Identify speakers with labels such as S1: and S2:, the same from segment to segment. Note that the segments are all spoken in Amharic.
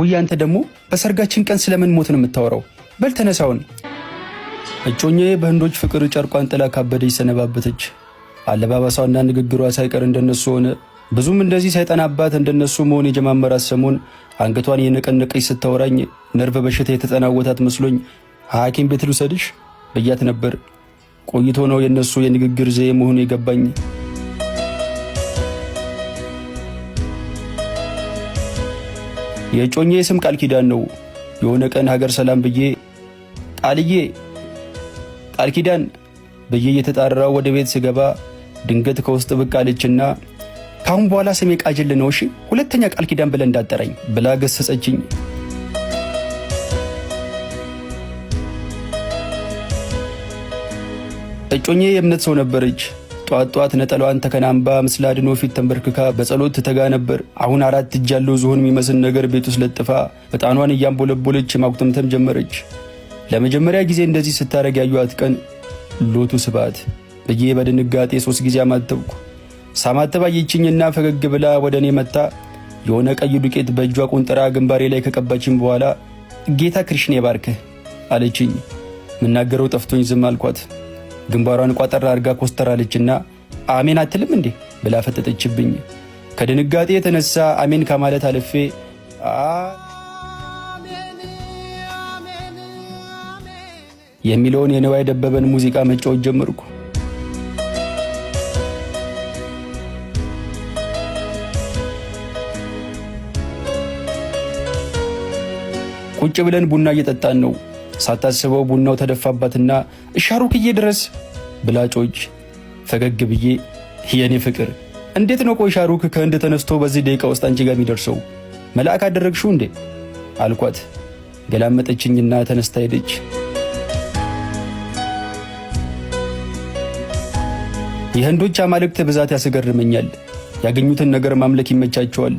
S1: ውይ አንተ ደግሞ በሰርጋችን ቀን ስለምን ሞት ነው የምታወራው? በል ተነሳውን። እጮኛዬ በህንዶች ፍቅር ጨርቋን ጥላ ካበደ ይሰነባበተች። አለባበሷና ንግግሯ ሳይቀር እንደነሱ ሆነ። ብዙም እንደዚህ ሳይጠናባት እንደነሱ መሆን የጀማመራት ሰሞን አንገቷን የነቀነቀች ስታወራኝ ነርቭ በሽታ የተጠናወታት መስሎኝ ሐኪም ቤት ልውሰድሽ ብያት ነበር። ቆይቶ ነው የእነሱ የንግግር ዘዬ መሆኑ የገባኝ። የእጮኜ ስም ቃል ኪዳን ነው። የሆነ ቀን ሀገር ሰላም ብዬ ቃልዬ ቃል ኪዳን ብዬ እየተጣራው ወደ ቤት ስገባ ድንገት ከውስጥ ብቅ አለችና ካሁን በኋላ ስሜ ቃጅል ነው፣ እሺ ሁለተኛ ቃል ኪዳን ብለን እንዳጠረኝ ብላ ገሰጸችኝ። እጮኜ የእምነት ሰው ነበረች። ጧት ጧት ነጠላዋን ተከናንባ ምስለ አድኖ ፊት ተንበርክካ በጸሎት ትተጋ ነበር። አሁን አራት እጅ ያለው ዝሆን የሚመስል ነገር ቤት ውስጥ ለጥፋ ዕጣኗን እያንቦለቦለች ማኩተምተም ጀመረች። ለመጀመሪያ ጊዜ እንደዚህ ስታደርግ ያዩት ቀን ሎቱ ስባት ብዬ በድንጋጤ ሶስት ጊዜ አማተብኩ። ሳማተብ አየችኝና ፈገግ ብላ ወደ እኔ መጣ። የሆነ ቀይ ዱቄት በእጇ ቁንጥራ ግንባሬ ላይ ከቀባችኝ በኋላ ጌታ ክርሽኔ ባርክህ አለችኝ። ምናገረው ጠፍቶኝ ዝም አልኳት። ግንባሯን ቋጠር አድርጋ ኮስተራለችና አሜን አትልም እንዴ ብላ ፈጠጠችብኝ። ከድንጋጤ የተነሳ አሜን ከማለት አልፌ የሚለውን የነዋይ ደበበን ሙዚቃ መጫወት ጀመርኩ። ቁጭ ብለን ቡና እየጠጣን ነው። ሳታስበው ቡናው ተደፋባትና እሻሩክዬ ድረስ ብላጮች ፈገግ ብዬ የኔ ፍቅር እንዴት ነው ቆይ ሻሩክ ከህንድ ተነስቶ በዚህ ደቂቃ ውስጥ አንቺ ጋር የሚደርሰው መልአክ አደረግሽው እንዴ አልኳት። ገላመጠችኝና ተነስታ ሄደች። የህንዶች አማልክት ብዛት ያስገርመኛል። ያገኙትን ነገር ማምለክ ይመቻቸዋል።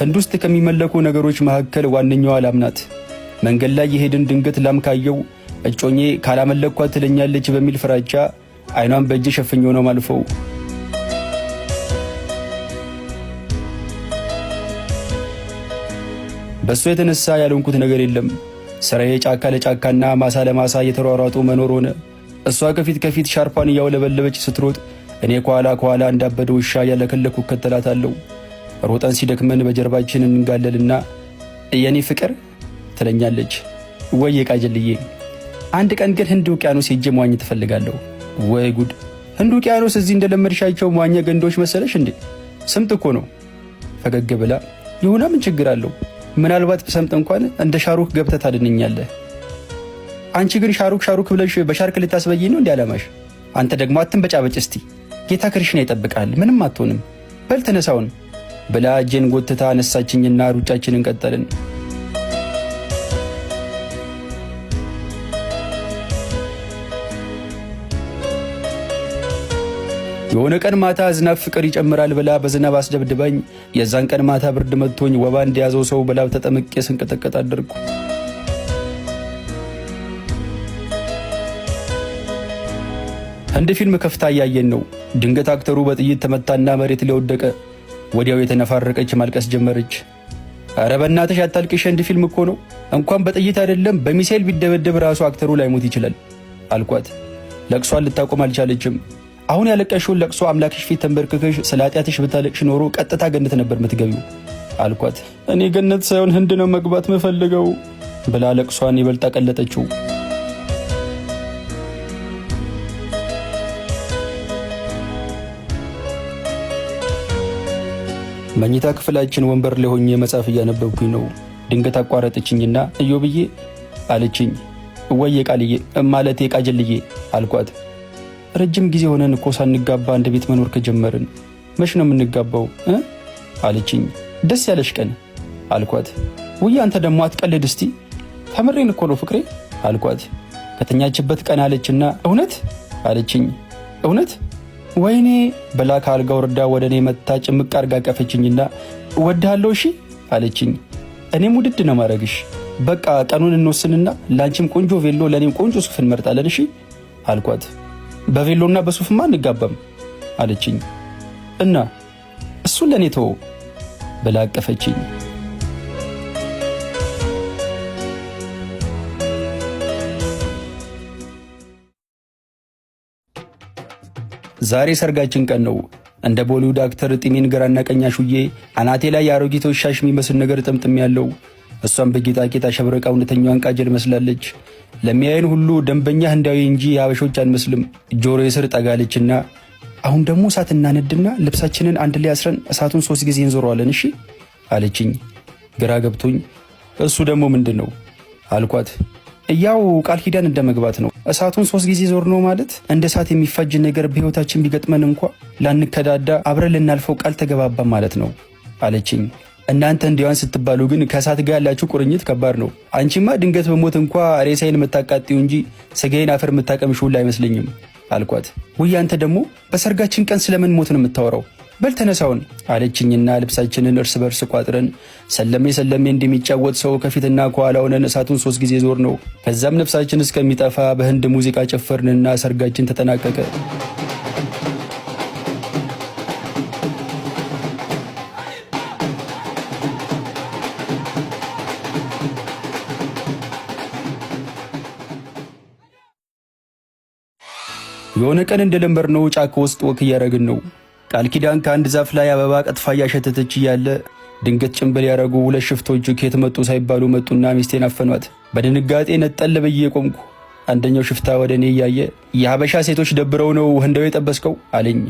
S1: ህንድ ውስጥ ከሚመለኩ ነገሮች መካከል ዋነኛዋ አላምናት። ናት። መንገድ ላይ የሄድን ድንገት ላም ካየው እጮኜ ካላመለኳ ትለኛለች በሚል ፍራቻ አይኗን በእጅ ሸፍኜው ነው ማልፈው። በእሱ የተነሳ ያልሆንኩት ነገር የለም። ስራዬ ጫካ ለጫካና ማሳ ለማሳ እየተሯሯጡ መኖር ሆነ። እሷ ከፊት ከፊት ሻርፓን እያውለበለበች ስትሮጥ፣ እኔ ከኋላ ከኋላ እንዳበደ ውሻ ያለከለኩ እከተላታለሁ። ሮጠን ሲደክመን በጀርባችን እንጋለልና የኔ ፍቅር ትለኛለች። ወይ ቃጀልዬ፣ አንድ ቀን ግን ህንድ ውቅያኖስ ሄጄ መዋኘት ትፈልጋለሁ። ወይ ጉድ! ህንድ ውቅያኖስ እዚህ እንደለመድሻቸው መዋኛ ገንዳዎች መሰለሽ እንዴ? ስምጥ እኮ ነው። ፈገግ ብላ ይሁና፣ ምን ችግር አለው? ምናልባት ብሰምጥ እንኳን እንደ ሻሩክ ገብተህ ታድንኛለህ። አንቺ ግን ሻሩክ ሻሩክ ብለሽ በሻርክ ልታስበይኝ ነው እንዲ አላማሽ። አንተ ደግሞ በጫበጭ እስቲ፣ ጌታ ክርሽና ይጠብቃል፣ ምንም አትሆንም። በል ተነሳውን ብላ እጄን ጎትታ አነሳችኝና ሩጫችንን ቀጠልን። የሆነ ቀን ማታ ዝናብ ፍቅር ይጨምራል ብላ በዝናብ አስደብድባኝ፣ የዛን ቀን ማታ ብርድ መጥቶኝ ወባ እንደያዘው ሰው በላብ ተጠምቄ ስንቀጠቀጥ አደርኩ። አንድ ፊልም ከፍታ እያየን ነው። ድንገት አክተሩ በጥይት ተመታና መሬት ሊወደቀ ወዲያው የተነፋረቀች ማልቀስ ጀመረች። አረ በእናትሽ አታልቅሽ፣ ፊልም እኮ ነው። እንኳን በጥይት አይደለም በሚሳኤል ቢደበደብ ራሱ አክተሩ ላይሞት ይችላል አልኳት። ለቅሷን ልታቆም አልቻለችም። አሁን ያለቀሽውን ለቅሶ አምላክሽ ፊት ተንበርክከሽ ስለ ኃጢአትሽ ብታለቅሽ ኖሮ ቀጥታ ገነት ነበር የምትገቢው አልኳት። እኔ ገነት ሳይሆን ህንድ ነው መግባት ምፈልገው ብላ ለቅሷን ይበልጥ አቀለጠችው። መኝታ ክፍላችን ወንበር ላይ ሆኜ መጽሐፍ እያነበብኩኝ ነው። ድንገት አቋረጠችኝና እዮብዬ አለችኝ። ወይ ቃልዬ ማለቴ አልኳት። ረጅም ጊዜ ሆነን እኮ ሳንጋባ አንድ ቤት መኖር ከጀመርን መች ነው የምንጋባው አለችኝ። ደስ ያለሽ ቀን አልኳት። ውይ አንተ ደግሞ አትቀልድ እስቲ ተምሬን እኮ ነው ፍቅሬ አልኳት። ከተኛችበት ቀን አለችና እውነት አለችኝ። እውነት ወይኔ ብላ ከአልጋ ወርዳ ወደ እኔ መታ ጭምቅ አርጋ ቀፈችኝና እወድሃለሁ እሺ አለችኝ። እኔም ውድድ ነው ማድረግሽ በቃ ቀኑን እንወስንና ለአንቺም ቆንጆ ቬሎ ለእኔም ቆንጆ ሱፍ እንመርጣለን እሺ አልኳት። በቬሎና በሱፍማ አንጋባም አለችኝ እና እሱን ለእኔ ተወው ብላ አቀፈችኝ። ዛሬ ሰርጋችን ቀን ነው። እንደ ቦሊውድ አክተር ጢሜን ግራና ቀኝ አሹዬ አናቴ ላይ የአሮጊቶች ሻሽ የሚመስል ነገር ጥምጥም ያለው እሷም በጌጣጌጥ አሸብረቃ እውነተኛዋን ቃጀል መስላለች። ለሚያይን ሁሉ ደንበኛህ ህንዳዊ እንጂ የአበሾች አንመስልም። ጆሮ የስር ጠጋለችና አሁን ደግሞ እሳት እናነድና ልብሳችንን አንድ ላይ አስረን እሳቱን ሶስት ጊዜ እንዞረዋለን እሺ አለችኝ። ግራ ገብቶኝ እሱ ደግሞ ምንድን ነው አልኳት። ያው ቃል ኪዳን እንደ መግባት ነው። እሳቱን ሶስት ጊዜ ዞር ነው ማለት እንደ እሳት የሚፋጅ ነገር በህይወታችን ቢገጥመን እንኳ ላንከዳዳ አብረን ልናልፈው ቃል ተገባባ ማለት ነው አለችኝ። እናንተ እንዲያን ስትባሉ ግን ከእሳት ጋር ያላችሁ ቁርኝት ከባድ ነው። አንቺማ ድንገት በሞት እንኳ ሬሳይን የምታቃጢው እንጂ ስጋዬን አፈር የምታቀምሽ ሁላ አይመስለኝም አልኳት። ውይ አንተ ደግሞ በሰርጋችን ቀን ስለምን ሞት ነው የምታወራው? በል ተነሳውን አለችኝና ልብሳችንን እርስ በርስ ቋጥረን ሰለሜ ሰለሜ እንደሚጫወት ሰው ከፊትና ከኋላ ሆነን እሳቱን ሶስት ጊዜ ዞር ነው። ከዛም ነፍሳችን እስከሚጠፋ በህንድ ሙዚቃ ጨፈርንና ሰርጋችን ተጠናቀቀ። የሆነ ቀን ነው ጫካ ውስጥ ወክ እያደረግን ነው። ቃል ኪዳን ከአንድ ዛፍ ላይ አበባ ቀጥፋ እያሸተተች እያለ ድንገት ጭንብል ያደረጉ ሁለት ሽፍቶች ከየት መጡ ሳይባሉ መጡና ሚስቴን አፈኗት። በድንጋጤ ነጠል ብዬ ቆምኩ። አንደኛው ሽፍታ ወደ እኔ እያየ የሀበሻ ሴቶች ደብረው ነው ህንደው የጠበስከው አለኝ።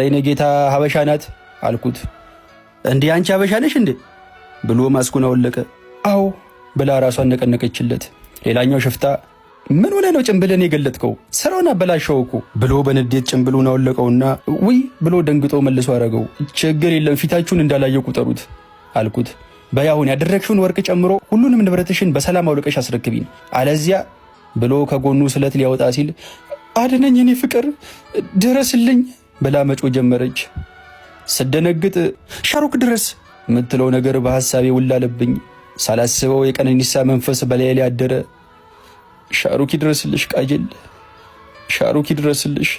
S1: ሬኔ ጌታ ሀበሻ ናት አልኩት። እንዴ አንቺ ሀበሻ ነሽ እንዴ ብሎ ማስኩን አወለቀ። አዎ ብላ ራሷን ነቀነቀችለት። ሌላኛው ሽፍታ ምን ሆነ ነው ጭንብልን የገለጥከው? ስራውን አበላሸው እኮ ብሎ በንዴት ጭንብሉን አወለቀውና ውይ ብሎ ደንግጦ መልሶ አረገው። ችግር የለም ፊታችሁን እንዳላየ ቁጠሩት አልኩት። በያሁን ያደረግሽውን ወርቅ ጨምሮ ሁሉንም ንብረትሽን በሰላም አውልቀሽ አስረክቢን፣ አለዚያ ብሎ ከጎኑ ስለት ሊያወጣ ሲል አድነኝ እኔ ፍቅር ድረስልኝ ብላ መጮ ጀመረች። ስደነግጥ ሻሩክ ድረስ ምትለው ነገር በሐሳቤ ውላ አለብኝ። ሳላስበው የቀነኒሳ መንፈስ በላይ ላይ አደረ። ሻሩክ ይድረስልሽ፣ ቃጀል ሻሩክ ይድረስልሽ።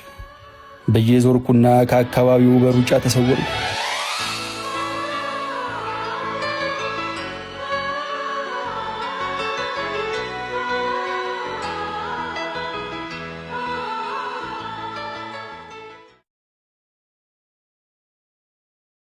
S1: በየዞርኩና ከአካባቢው በሩጫ ተሰወርኩ።